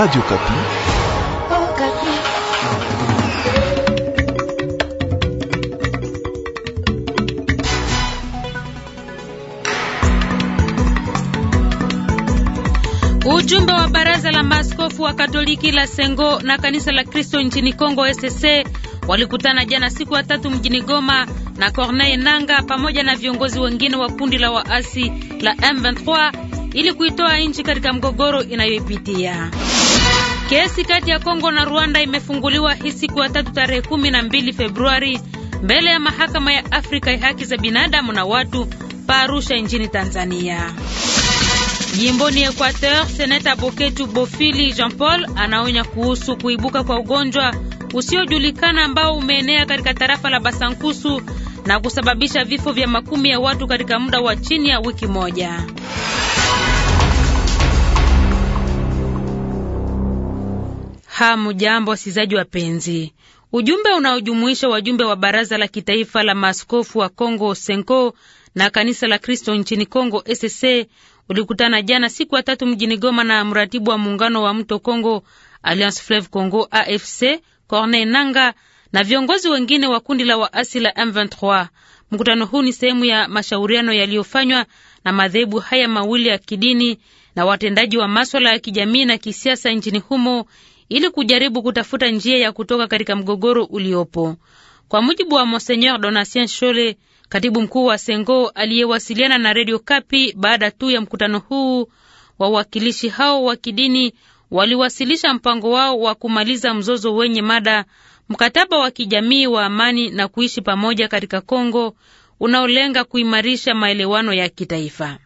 Radio Kapi. Oh, Kapi. Ujumbe wa baraza la maaskofu wa Katoliki la Sengo na kanisa la Kristo nchini Kongo SSC walikutana jana siku ya tatu mjini Goma na Corneille Nanga pamoja na viongozi wengine wa kundi la waasi la M23 ili kuitoa nchi katika mgogoro inayoipitia. Kesi kati ya Kongo na Rwanda imefunguliwa hii siku ya tatu tarehe 12 Februari mbele ya mahakama ya Afrika ya haki za binadamu na watu pa Arusha nchini Tanzania. Jimboni Equateur, seneta Boketu Bofili Jean Paul anaonya kuhusu kuibuka kwa ugonjwa usiojulikana ambao umeenea katika tarafa la Basankusu na kusababisha vifo vya makumi ya watu katika muda wa chini ya wiki moja. Hamjambo wasikizaji wapenzi. Ujumbe unaojumuisha wajumbe wa baraza la kitaifa la maaskofu wa congo Senko na kanisa la Kristo nchini congo SSC ulikutana jana siku ya tatu mjini Goma na mratibu wa muungano wa mto congo Alliance Fleuve Congo AFC Corne Nanga na viongozi wengine wa kundi la waasi la M23. Mkutano huu ni sehemu ya mashauriano yaliyofanywa na madhehebu haya mawili ya kidini na watendaji wa maswala ya kijamii na kisiasa nchini humo ili kujaribu kutafuta njia ya kutoka katika mgogoro uliopo. Kwa mujibu wa Monseigneur Donatien Shole, katibu mkuu wa Sengo aliyewasiliana na redio Kapi baada tu ya mkutano huu, wawakilishi hao wa kidini waliwasilisha mpango wao wa kumaliza mzozo wenye mada mkataba wa kijamii wa amani na kuishi pamoja katika Kongo unaolenga kuimarisha maelewano ya kitaifa.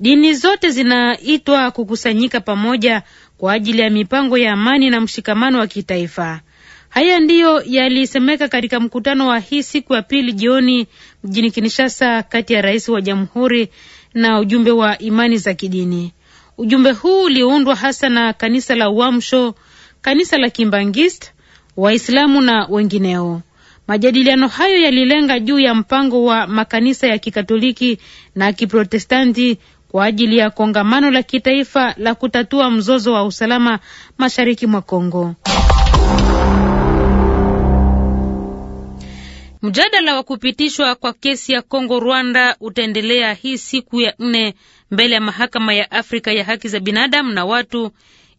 Dini zote zinaitwa kukusanyika pamoja kwa ajili ya mipango ya amani na mshikamano wa kitaifa. Haya ndiyo yalisemeka katika mkutano wa hii siku ya pili jioni mjini Kinshasa kati ya rais wa jamhuri na ujumbe wa imani za kidini. Ujumbe huu uliundwa hasa na kanisa la Uamsho, kanisa la Kimbangist, Waislamu na wengineo. Majadiliano hayo yalilenga juu ya mpango wa makanisa ya Kikatoliki na Kiprotestanti kwa ajili ya kongamano la kitaifa la kutatua mzozo wa usalama mashariki mwa Kongo. Mjadala wa kupitishwa kwa kesi ya Kongo Rwanda utaendelea hii siku ya nne mbele ya mahakama ya Afrika ya haki za binadamu na watu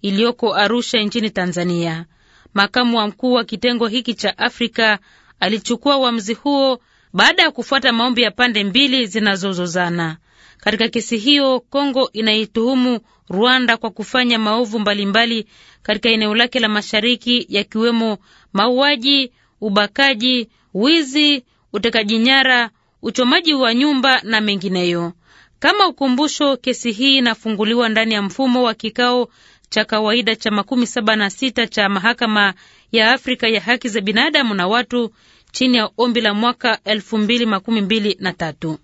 iliyoko Arusha nchini Tanzania. Makamu wa mkuu wa kitengo hiki cha Afrika alichukua uamuzi huo baada ya kufuata maombi ya pande mbili zinazozozana. Katika kesi hiyo, Kongo inaituhumu Rwanda kwa kufanya maovu mbalimbali katika eneo lake la mashariki, yakiwemo mauaji, ubakaji, wizi, utekaji nyara, uchomaji wa nyumba na mengineyo. Kama ukumbusho, kesi hii inafunguliwa ndani ya mfumo wa kikao cha kawaida cha makumi saba na sita cha mahakama ya Afrika ya haki za binadamu na watu chini ya ombi la mwaka elfu mbili makumi mbili na tatu.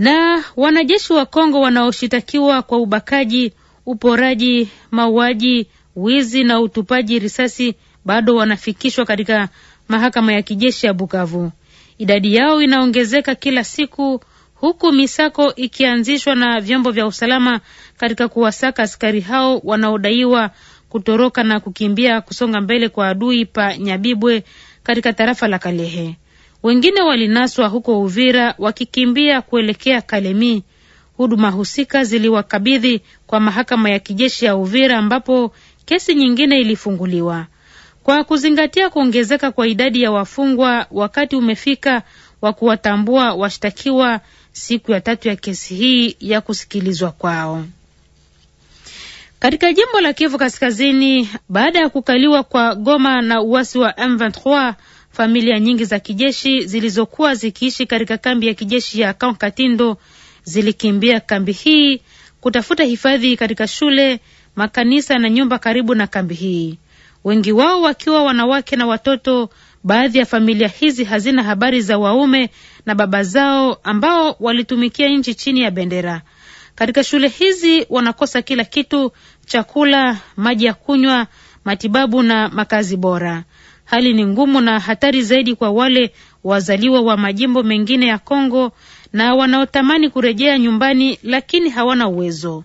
Na wanajeshi wa Kongo wanaoshitakiwa kwa ubakaji, uporaji, mauaji, wizi na utupaji risasi bado wanafikishwa katika mahakama ya kijeshi ya Bukavu. Idadi yao inaongezeka kila siku huku misako ikianzishwa na vyombo vya usalama katika kuwasaka askari hao wanaodaiwa kutoroka na kukimbia kusonga mbele kwa adui pa Nyabibwe katika tarafa la Kalehe wengine walinaswa huko Uvira wakikimbia kuelekea Kalemi. Huduma husika ziliwakabidhi kwa mahakama ya kijeshi ya Uvira ambapo kesi nyingine ilifunguliwa. Kwa kuzingatia kuongezeka kwa idadi ya wafungwa, wakati umefika wa kuwatambua washtakiwa siku ya tatu ya kesi hii ya kusikilizwa kwao. Katika jimbo la Kivu Kaskazini, baada ya kukaliwa kwa Goma na uasi wa M23 Familia nyingi za kijeshi zilizokuwa zikiishi katika kambi ya kijeshi ya katindo zilikimbia kambi hii kutafuta hifadhi katika shule, makanisa na nyumba karibu na kambi hii, wengi wao wakiwa wanawake na watoto. Baadhi ya familia hizi hazina habari za waume na baba zao ambao walitumikia nchi chini ya bendera. Katika shule hizi wanakosa kila kitu: chakula, maji ya kunywa, matibabu na makazi bora. Hali ni ngumu na hatari zaidi kwa wale wazaliwa wa majimbo mengine ya Kongo na wanaotamani kurejea nyumbani lakini hawana uwezo.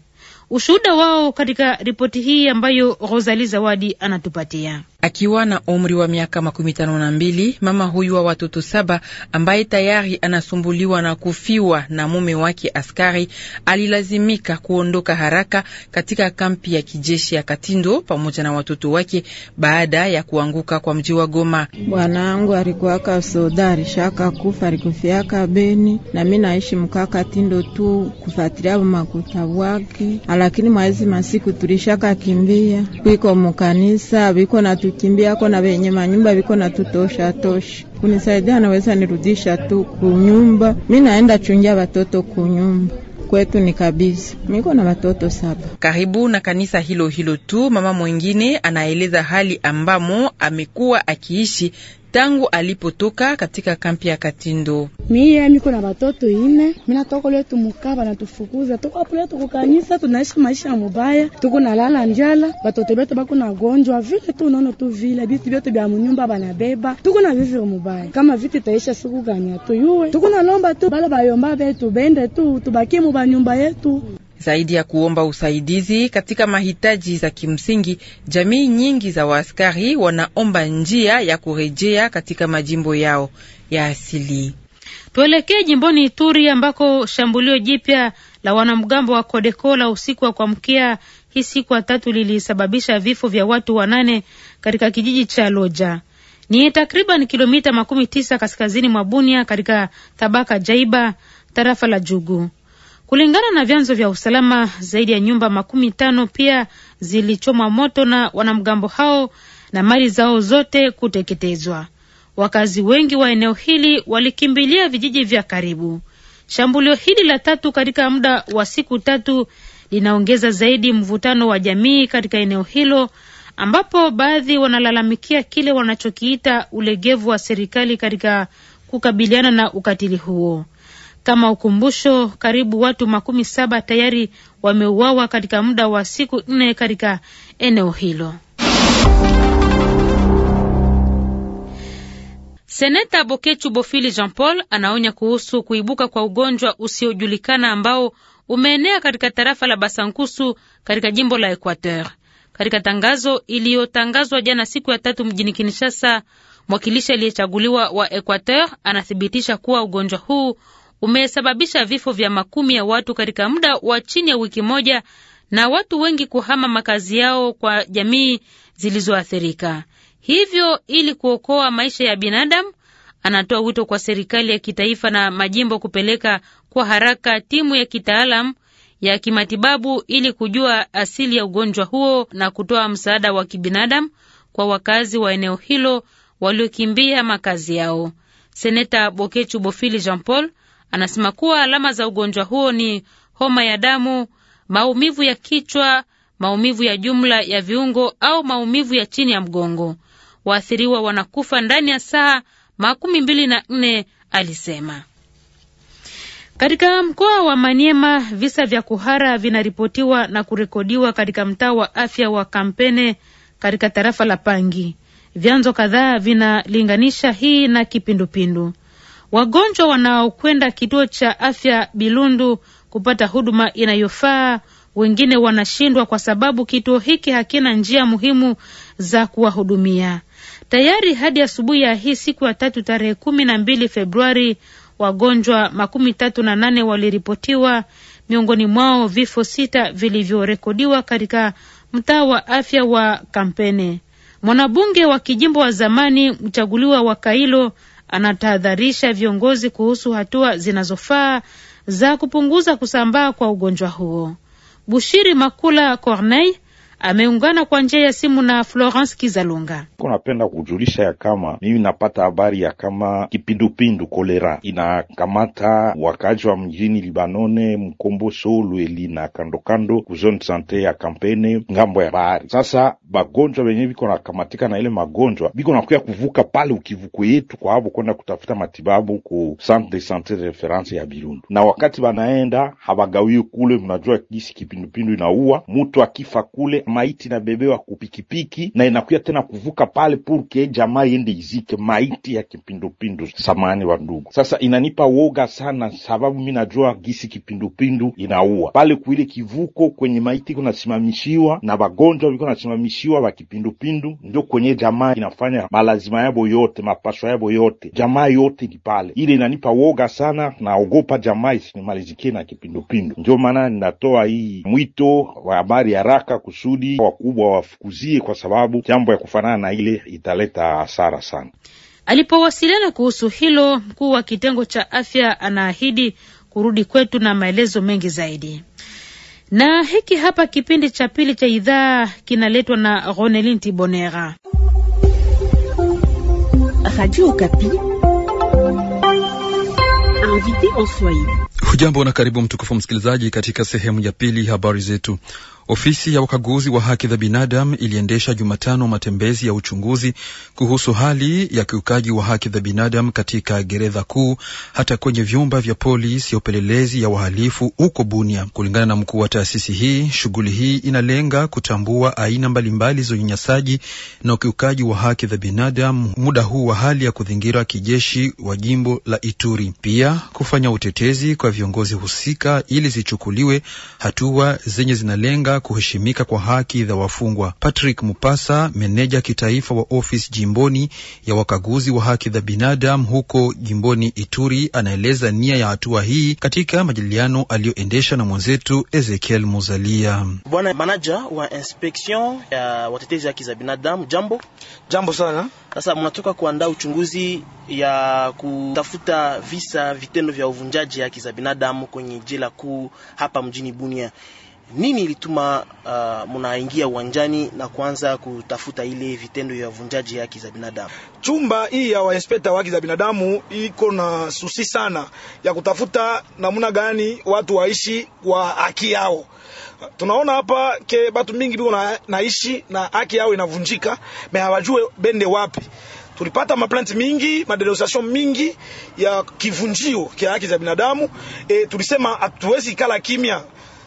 Ushuhuda wao katika ripoti hii ambayo Rosali Zawadi anatupatia. Akiwa na umri wa miaka makumi tano na mbili, mama huyu wa watoto saba ambaye tayari anasumbuliwa na kufiwa na mume wake askari, alilazimika kuondoka haraka katika kampi ya kijeshi ya Katindo pamoja na watoto wake baada ya kuanguka kwa mji wa Goma. Bwanangu alikuwaka soda, alishaka kufa alikufiaka Beni, na mi naishi mkaa Katindo tu kufuatilia makuta wake, lakini mwaezi masiku tulishaka kimbia kwiko mukanisa wiko na ako na venye manyumba viko na tutosha tosha, kunisaidia anaweza nirudisha tu kunyumba, mi naenda chungia watoto kunyumba kwetu ni kabisa, miko na watoto saba. Karibu na kanisa hilo hilo tu, mama mwingine anaeleza hali ambamo amekuwa akiishi tangu alipotoka katika kampi ya Katindo. Mie miko na batoto ine, minatoko mukaba na tufukuza tuko hapo leo tukukanisa, tunaishi maisha ya mubaya, tuko na lala njala, batoto betu bako na gonjwa vile tu nono tu vile bitu byote bya munyumba banabeba, tuko na vivre mubaya kama viti taisha siku ganya tu tuko na lomba tu balo bayomba betu bende tu tubaki mubanyumba yetu. Zaidi ya kuomba usaidizi katika mahitaji za kimsingi, jamii nyingi za waaskari wanaomba njia ya kurejea katika majimbo yao ya asili. Tuelekee jimboni Ituri ambako shambulio jipya la wanamgambo wa Kodeko la usiku wa kuamkia hii siku ya tatu lilisababisha vifo vya watu wanane katika kijiji cha Loja ni takriban kilomita makumi tisa kaskazini mwa Bunia katika tabaka Jaiba, tarafa la Jugu. Kulingana na vyanzo vya usalama, zaidi ya nyumba makumi tano pia zilichomwa moto na wanamgambo hao na mali zao zote kuteketezwa. Wakazi wengi wa eneo hili walikimbilia vijiji vya karibu. Shambulio hili la tatu katika muda wa siku tatu linaongeza zaidi mvutano wa jamii katika eneo hilo ambapo baadhi wanalalamikia kile wanachokiita ulegevu wa serikali katika kukabiliana na ukatili huo. Kama ukumbusho, karibu watu makumi saba tayari wameuawa katika muda wa siku nne katika eneo hilo. Seneta Bokechu Bofili Jean Paul anaonya kuhusu kuibuka kwa ugonjwa usiojulikana ambao umeenea katika tarafa la Basankusu katika jimbo la Equateur. Katika tangazo iliyotangazwa jana siku ya tatu mjini Kinshasa, mwakilishi aliyechaguliwa wa Equateur anathibitisha kuwa ugonjwa huu umesababisha vifo vya makumi ya watu katika muda wa chini ya wiki moja na watu wengi kuhama makazi yao kwa jamii zilizoathirika. Hivyo, ili kuokoa maisha ya binadamu, anatoa wito kwa serikali ya kitaifa na majimbo kupeleka kwa haraka timu ya kitaalamu ya kimatibabu ili kujua asili ya ugonjwa huo na kutoa msaada wa kibinadamu kwa wakazi wa eneo hilo waliokimbia makazi yao. Seneta Bokechu Bofili Jean Paul Anasema kuwa alama za ugonjwa huo ni homa ya damu, maumivu ya kichwa, maumivu ya jumla ya viungo au maumivu ya chini ya mgongo. Waathiriwa wanakufa ndani ya saa makumi mbili na nne, alisema. Katika mkoa wa Maniema visa vya kuhara vinaripotiwa na kurekodiwa katika mtaa wa afya wa Kampene katika tarafa la Pangi. Vyanzo kadhaa vinalinganisha hii na kipindupindu. Wagonjwa wanaokwenda kituo cha afya Bilundu kupata huduma inayofaa, wengine wanashindwa kwa sababu kituo hiki hakina njia muhimu za kuwahudumia. Tayari hadi asubuhi ya hii siku ya tatu tarehe kumi na mbili Februari, wagonjwa makumi tatu na nane waliripotiwa, miongoni mwao vifo sita vilivyorekodiwa katika mtaa wa afya wa Kampene. Mwanabunge wa kijimbo wa zamani mchaguliwa wa Kailo anatahadharisha viongozi kuhusu hatua zinazofaa za kupunguza kusambaa kwa ugonjwa huo. Bushiri Makula Corneille ameungana kwa njia ya simu na Florence Kizalunga. Napenda kujulisha ya kama mimi napata habari ya kama kipindupindu kolera inakamata wakaji wa mjini Libanone, Mkomboso, eli na kandokando kuzone sante ya Kampene ngambo ya bahari. Sasa bagonjwa benye biko nakamatika na ile magonjwa biko nakuya kuvuka pale ukivuko yetu kwa hapo kwenda kutafuta matibabu ku centre de sante de reference ya Birundu, na wakati banaenda habagawie kule, mnajua kisi kipindupindu inaua mutu akifa kule maiti inabebewa kupikipiki na inakuya tena kuvuka pale purke jamaa iende izike maiti ya kipindupindu. Samani wa ndugu, sasa inanipa woga sana, sababu mi najua gisi kipindupindu inaua pale kuile kivuko kwenye maiti iko na wagonjwa viko nasimamishiwa wa kipindupindu, ndio kwenye jamaa inafanya malazima yabo yote mapaswa yabo yote, jamaa yote ni pale. Ile inanipa woga sana, naogopa jamaa isinimalizikie na kipindupindu. Ndio maana ninatoa hii mwito wa habari haraka kusudi inabidi wakubwa wafukuzie, kwa sababu jambo ya kufanana na ile italeta hasara sana. Alipowasiliana kuhusu hilo, mkuu wa kitengo cha afya anaahidi kurudi kwetu na maelezo mengi zaidi. Na hiki hapa kipindi cha pili cha idhaa kinaletwa na Ronelin Tibonera, Hujambo na karibu mtukufu msikilizaji, katika sehemu ya pili habari zetu. Ofisi ya ukaguzi wa haki za binadamu iliendesha Jumatano matembezi ya uchunguzi kuhusu hali ya kiukaji wa haki za binadamu katika gereza kuu hata kwenye vyumba vya polisi ya upelelezi ya wahalifu huko Bunia. Kulingana na mkuu wa taasisi hii, shughuli hii inalenga kutambua aina mbalimbali za unyanyasaji na ukiukaji wa haki za binadamu muda huu wa hali ya kuzingira kijeshi wa jimbo la Ituri, pia kufanya utetezi kwa viongozi husika ili zichukuliwe hatua zenye zinalenga kuheshimika kwa haki za wafungwa. Patrick Mupasa, meneja kitaifa wa ofisi jimboni ya wakaguzi wa haki za binadamu huko jimboni Ituri, anaeleza nia ya hatua hii katika majadiliano aliyoendesha na mwenzetu Ezekiel Muzalia. Bwana manaja wa ya watetezi haki za binadamu, jambo jambo sana. Sasa mnatoka kuandaa uchunguzi ya kutafuta visa vitendo vya uvunjaji haki za binadamu kwenye jela kuu hapa mjini Bunia. Nini ilituma uh, mnaingia uwanjani na kuanza kutafuta ile vitendo ya vunjaji haki za binadamu? Chumba hii ya wainspekta wa haki za binadamu iko na susi sana ya kutafuta namna gani watu waishi kwa haki yao. Tunaona hapa ke batu mingi biko na, naishi na haki yao inavunjika, me hawajue bende wapi tulipata maplanti mingi madenosation mingi ya kivunjio kia haki za binadamu. E, tulisema hatuwezi kala kimya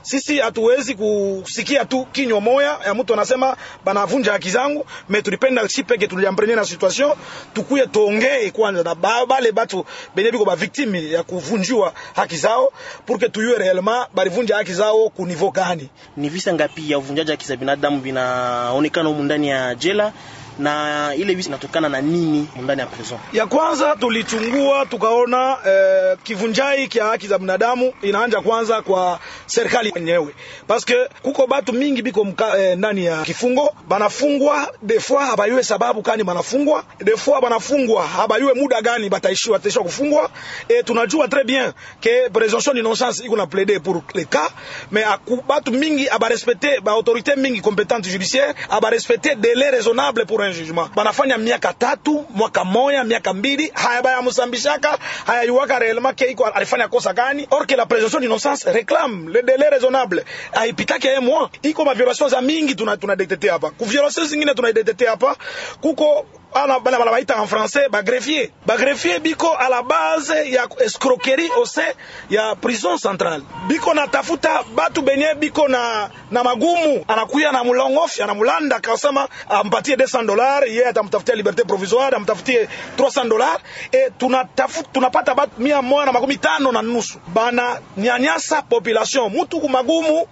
sisi hatuwezi kusikia tu kinywa moya ya mtu anasema banavunja haki zangu, me tulipenda si peke tuliambrene na situation, tukuye tuongee kwanza na bale batu benye biko ba victime ya kuvunjiwa haki zao, pour que tuyue réellement balivunja haki zao ku niveau gani. Ni visa ngapi ya uvunjaji haki za binadamu vinaonekana humu ndani ya jela? na ile visa inatokana na nini ndani ya prison? Ya kwanza tulichungua tukaona eh, kivunjai kia haki za binadamu inaanja kwanza kwa serikali yenyewe, paske kuko batu mingi biko mka, eh, ndani ya kifungo banafungwa defoi habayue sababu kani banafungwa defoi banafungwa habayue muda gani bataishiwa bataishiwa kufungwa. E, tunajua tres bien ke presumption d'innocence iko na plaide pour le cas mais aku batu mingi abarespecte ba autorité mingi compétente judiciaire abarespecte délai raisonnable pour kufanya jugement banafanya miaka tatu mwaka moya miaka mbili haya baya musambishaka haya yuwaka réellement ke iko alifanya kosa gani or que la présomption d'innocence réclame le délai raisonnable haipitake yeye mwa iko ma violation za mingi tuna tunadetetea hapa ku violation zingine tunadetetea hapa kuko ana bana bana baita en français ba greffier ba greffier biko à la base ya escroquerie au sein ya prison centrale biko na tafuta batu benye biko na na magumu anakuya na mulongofi anamulanda kasema ampatie 200 dollars dollars, yeye atamtafutia liberté provisoire, amtafutie 300 dollars e tunatafuta tunapata bat mia moja na makumi tano na nusu bana nyanyasa population mutu kumagumu,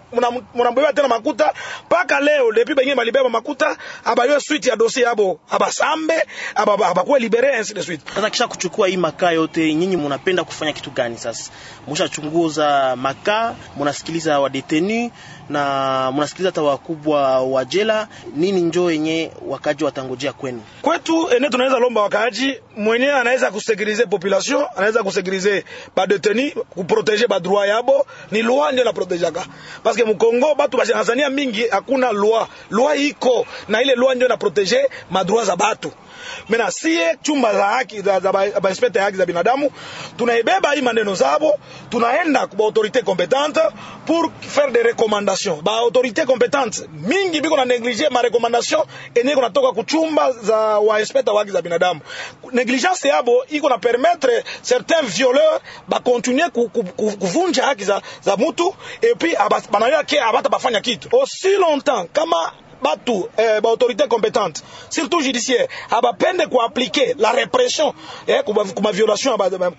munambeba tena makuta paka leo lepi benye malibeba makuta abayo suite ya dossier yabo abasambe abakuwa aba libere ensi de suite. Sasa kisha kuchukua hii makaa yote, nyinyi munapenda kufanya kitu gani? Sasa mushachunguza makaa, munasikiliza wadetenu na munasikiliza hata wakubwa wa jela, nini njoo yenye wakaji wa watangojea kwenu? Kwetu ene tunaweza lomba wakaaji mwenye anaweza kusekurize population, anaweza kusekurize ba deteni, kuproteger yabo, ni loi ndio naprotejaka. Parce que mkongo batu bashanazania mingi hakuna loi. Loi iko na ile loi ndio naproteger madroit za batu. Mena sie chumba za haki za, za ba respect ya haki za binadamu, tunaibeba hii maneno zabo, tunaenda kwa autorité compétente pour faire des recommandations. Ba autorité compétente mingi biko na négliger ma recommandation enye kunatoka kuchumba za wa respect ya haki za binadamu. Ne negligence yabo iko na permettre certains violeurs bakontinue kuvunja haki za, za mutu epuis ah, banayoyake abata ah, bafanya kitu osi longtemps kama batu eh, autorité compétente surtout judiciaire ah, bah, quoi appliquer la répression eh, kumaviolation ah, bah,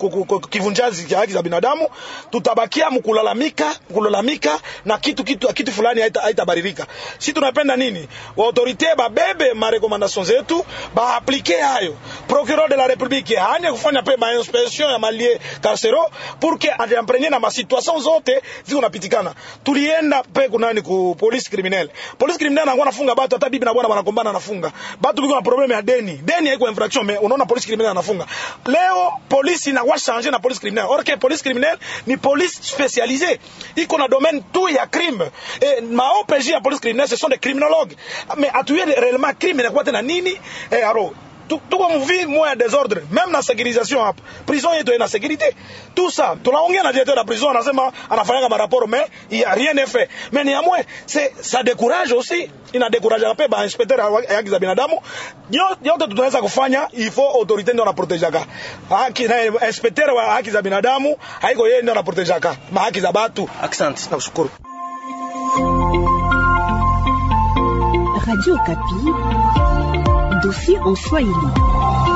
kivunjazi ya haki za binadamu, tutabakia mkulalamika mkulalamika na kitu kitu, kitu fulani haitabaririka. Si tunapenda nini? Waautorité babebe marekomandasyon zetu appliquer hayo. Procureur de la République hanye kufanya pe inspection ya malie carcéro pour que ajiamprenye na situation zote ziko napitikana. Tulienda pe kunani ku police criminelle, police criminelle anakuwa anafunga batu, hata bibi na bwana wanagombana, anafunga batu kuko na problem ya deni. Deni haiko infraction, me unaona polisi criminel anafunga. Leo polisi na washange na polisi criminel, or que criminel ni polisi spécialisée, iko na domaine tout ya crime et ma OPJ ya polisi criminel ce sont des criminologues, mais atuye réellement crime na kwa tena nini eh, aro tuko mvi moya desordre, meme na securisation hapa, prison yetu ina securite. Tout ça tunaongea na directeur la prison, anasema anafanyanga maraporo mais il y a rien n'est fait. Mais néanmoins, c'est ça décourage aussi, ina décourage pe ba inspecteur ya haki za binadamu. Yote tunaweza kufanya, il faut autorité ndio anaprotejaka haki na inspecteur wa haki za binadamu, haiko yeye ndio anaprotejaka haki za batu. Asante, nakushukuru. Radio Kapi. philosophie en swahili.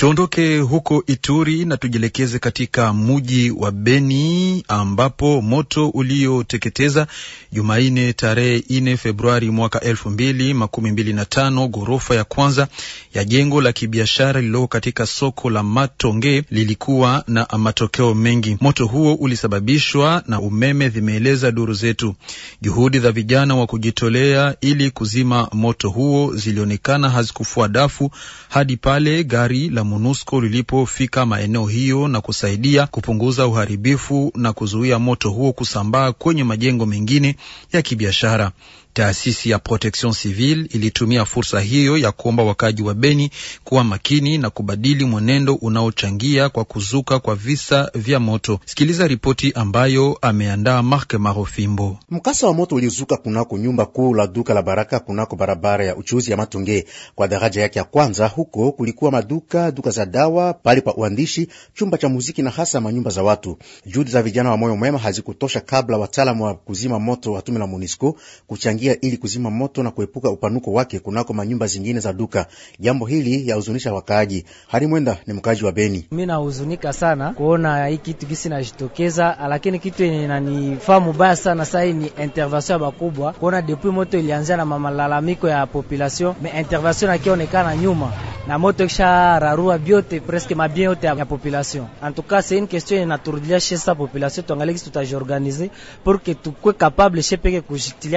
Tuondoke huko Ituri na tujielekeze katika muji wa Beni ambapo moto ulioteketeza Jumanne tarehe nne Februari mwaka elfu mbili makumi mbili na tano ghorofa ya kwanza ya jengo la kibiashara lililoko katika soko la Matonge lilikuwa na matokeo mengi. Moto huo ulisababishwa na umeme, vimeeleza duru zetu. Juhudi za vijana wa kujitolea ili kuzima moto huo zilionekana hazikufua dafu hadi pale gari la MONUSCO lilipofika maeneo hiyo na kusaidia kupunguza uharibifu na kuzuia moto huo kusambaa kwenye majengo mengine ya kibiashara. Taasisi ya Protection Civil ilitumia fursa hiyo ya kuomba wakaji wa Beni kuwa makini na kubadili mwenendo unaochangia kwa kuzuka kwa visa vya moto. Sikiliza ripoti ambayo ameandaa Mark Marofimbo. Mkasa wa moto ulizuka kunako nyumba kuu la duka la Baraka kunako barabara ya uchuuzi ya Matunge kwa daraja yake ya kwanza. Huko kulikuwa maduka, duka za dawa, pale pa uandishi, chumba cha muziki na hasa manyumba za watu. Juhudi za vijana wa moyo mwema hazikutosha kabla wataalamu wa kuzima moto watume la MONUSCO kuchangia kuchangia ili kuzima moto na kuepuka upanuko wake kunako manyumba zingine za duka. Jambo hili yahuzunisha wakaaji. Hari Mwenda ni mkaaji wa Beni. Mi nahuzunika sana kuona hii kitu gisi najitokeza, lakini kitu yenye nanifaa mubaya sana sahii ni intervention ya bakubwa, kuona depuis moto ilianzia na mamalalamiko ya population me intervention akionekana nyuma na moto kisha rarua biote presque mabien à ya population. En tout cas, c'est une question inaturudia chez sa population, tout kisi organisé pour que tukwe capable peke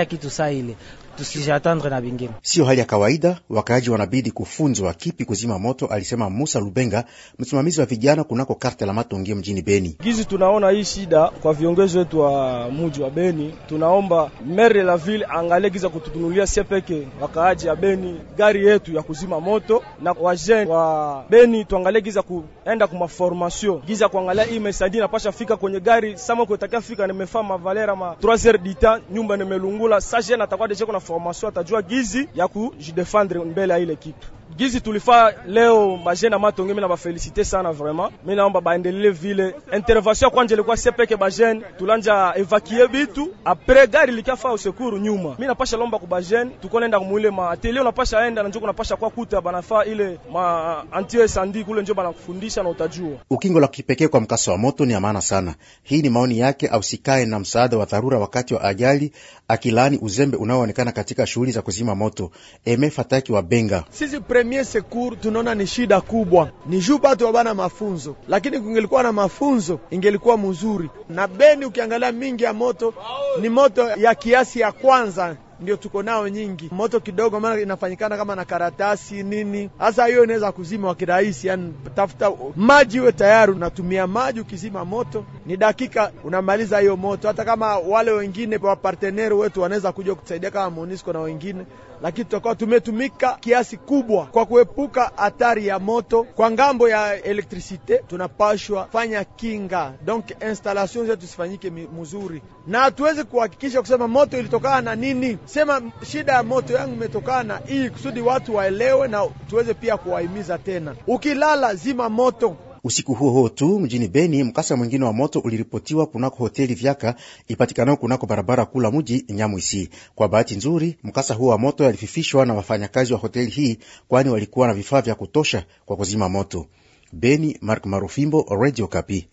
qui tout saa ile tusijatandre na bingine. Sio hali ya kawaida, wakaaji wanabidi kufunzwa kipi kuzima moto, alisema Musa Lubenga, msimamizi wa vijana kunako karte la matongi mjini Beni. Gizi tunaona hii shida kwa viongozi wetu wa muji wa Beni, tunaomba mere la ville angalie giza kututunulia sie peke wakaaji ya Beni gari yetu ya kuzima moto, na wajeni wa Beni tuangalie giza kuenda formation giza kuangalia hii mesadi napasha fika kwenye gari samo kuetakia fika nimefaa mavalera ma 3 heures dita nyumba nimelungula sa jene atakuwa deje kuna formation atajua gizi ya kujidefendre mbele ya ile kitu gizi tulifa leo majene Matonge, mina bafelisite sana vraiment. Mimi naomba baendelee vile intervention kwanje ilikuwa sepeke bajene tulanja evakie bitu apres gari likafa sekuru nyuma. Mimi napasha lomba ku bajene tukonenda kumwile ma tele napasha enda na njoko napasha kwa kuta banafaa ile ma anti sandi kule njo kufundisha na utajua. Ukingo la kipekee kwa mkasa wa moto ni amana sana. Hii ni maoni yake au sikae na msaada wa dharura wakati wa ajali, akilani uzembe unaoonekana katika shughuli za kuzima moto. Eme Fataki wa Benga. Sisi pre premier secours tunaona ni shida kubwa, ni juu batu wabana mafunzo, lakini kungelikuwa na mafunzo ingelikuwa mzuri. Na Beni ukiangalia mingi ya moto ni moto ya kiasi ya kwanza ndio tuko nao nyingi moto kidogo, maana inafanyikana kama na karatasi nini. Hasa hiyo inaweza kuzima wa kirahisi, yani tafuta maji iwe tayari, unatumia maji. Ukizima moto ni dakika unamaliza hiyo moto, hata kama wale wengine wa partenaire wetu wanaweza kuja kutusaidia kama MONUSCO na wengine lakini tutakuwa tumetumika kiasi kubwa kwa kuepuka hatari ya moto. Kwa ngambo ya elektrisite, tunapashwa fanya kinga, donc installation zetu zifanyike mzuri, na tuweze kuhakikisha kusema moto ilitokana na nini, sema shida ya moto yangu imetokana na hii, kusudi watu waelewe na tuweze pia kuwahimiza tena. Ukilala zima moto Usiku huo huo tu mjini Beni, mkasa mwingine wa moto uliripotiwa kunako hoteli Vyaka ipatikanayo kunako barabara kula muji Nyamwisi. Kwa bahati nzuri, mkasa huo wa moto yalififishwa na wafanyakazi wa hoteli hii, kwani walikuwa na vifaa vya kutosha kwa kuzima moto. Beni, Mark Marufimbo, Radio Kapi.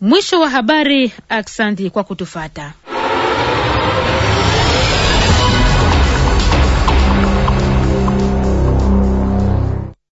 Mwisho wa habari. Aksandi kwa kutufata.